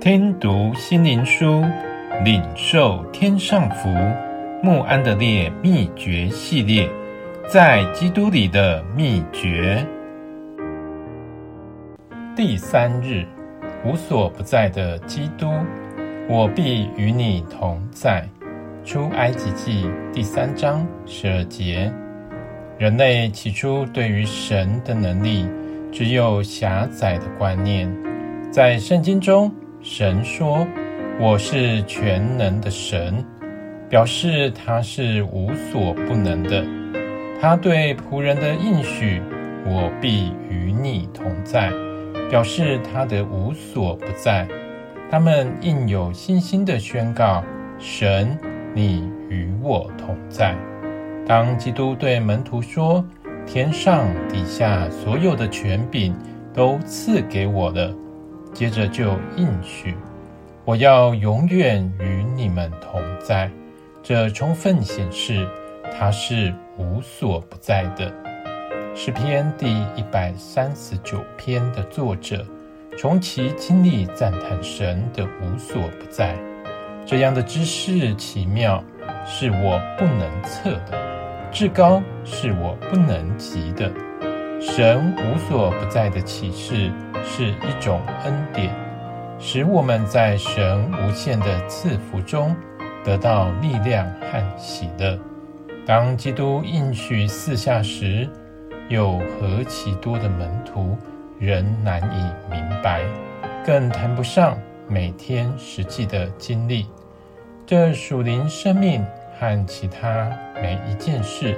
聽讀心靈書，領受天上福。慕安德烈秘訣系列，在基督裡的秘訣第三日，無所不在的基督，我必與你同在。出埃及記第三章十二節：人類起初對於神的能力，只有狹窄的觀念，在聖經中。神說：“我是全能的神，表示他是無所不能的。他對僕人的應許：‘我必與你同在’，表示他的無所不在。他們應有信心的宣告：‘神，你與我同在。’當基督對門徒說：‘天上地下所有的權柄都賜給我了。’”接着就應許，我要永遠與你們同在。這充分顯示他是無所不在的。詩篇第一百三十九篇的作者，從其經歷讚嘆神的無所不在。這樣的知識奇妙，是我不能測的，至高是我不能及的。神無所不在的啟示，是一種恩典，使我們在神無限的賜福中得到力量和喜樂。當基督應許賜下時，有何其多的門徒仍難以明白，更談不上每天實際的經歷。這屬靈生命和其他每一件事，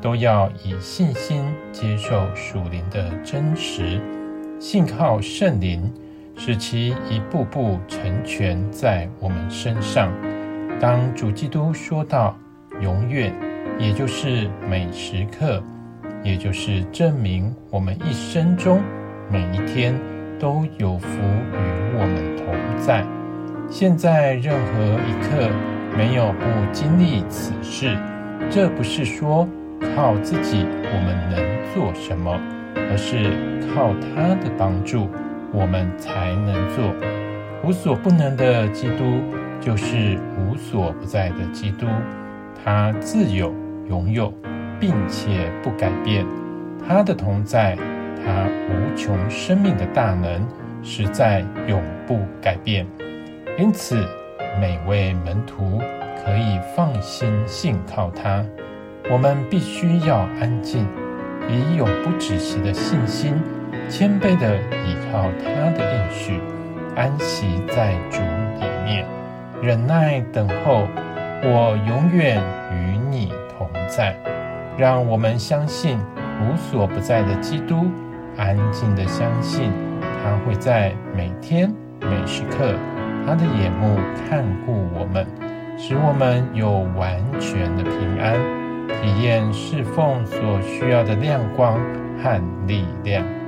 都要以信心接受屬靈的真實。信靠聖靈，使其一步步成全在我們身上。當主基督說到“永遠”，也就是每時刻，也就是證明我們一生中每一天都有福與我們同在。現在任何一刻，沒有不經歷此事。這不是說靠自己，我們能做什麼。而是靠他的幫助，我們才能做。無所不能的基督，就是無所不在的基督。他自有永有，並且不改變。他的同在，他無窮生命的大能實在永不改變。因此，每位門徒可以放心信靠他。我們必須要安靜。以永不止息的信心，謙卑地依靠他的應許，安息在主裡面，忍耐等候。我永遠與你同在。讓我們相信無所不在的基督，安靜地相信他會在每天每時刻，他的眼目看顧我們，使我們有完全的平安，體驗侍奉所需要的亮光和力量。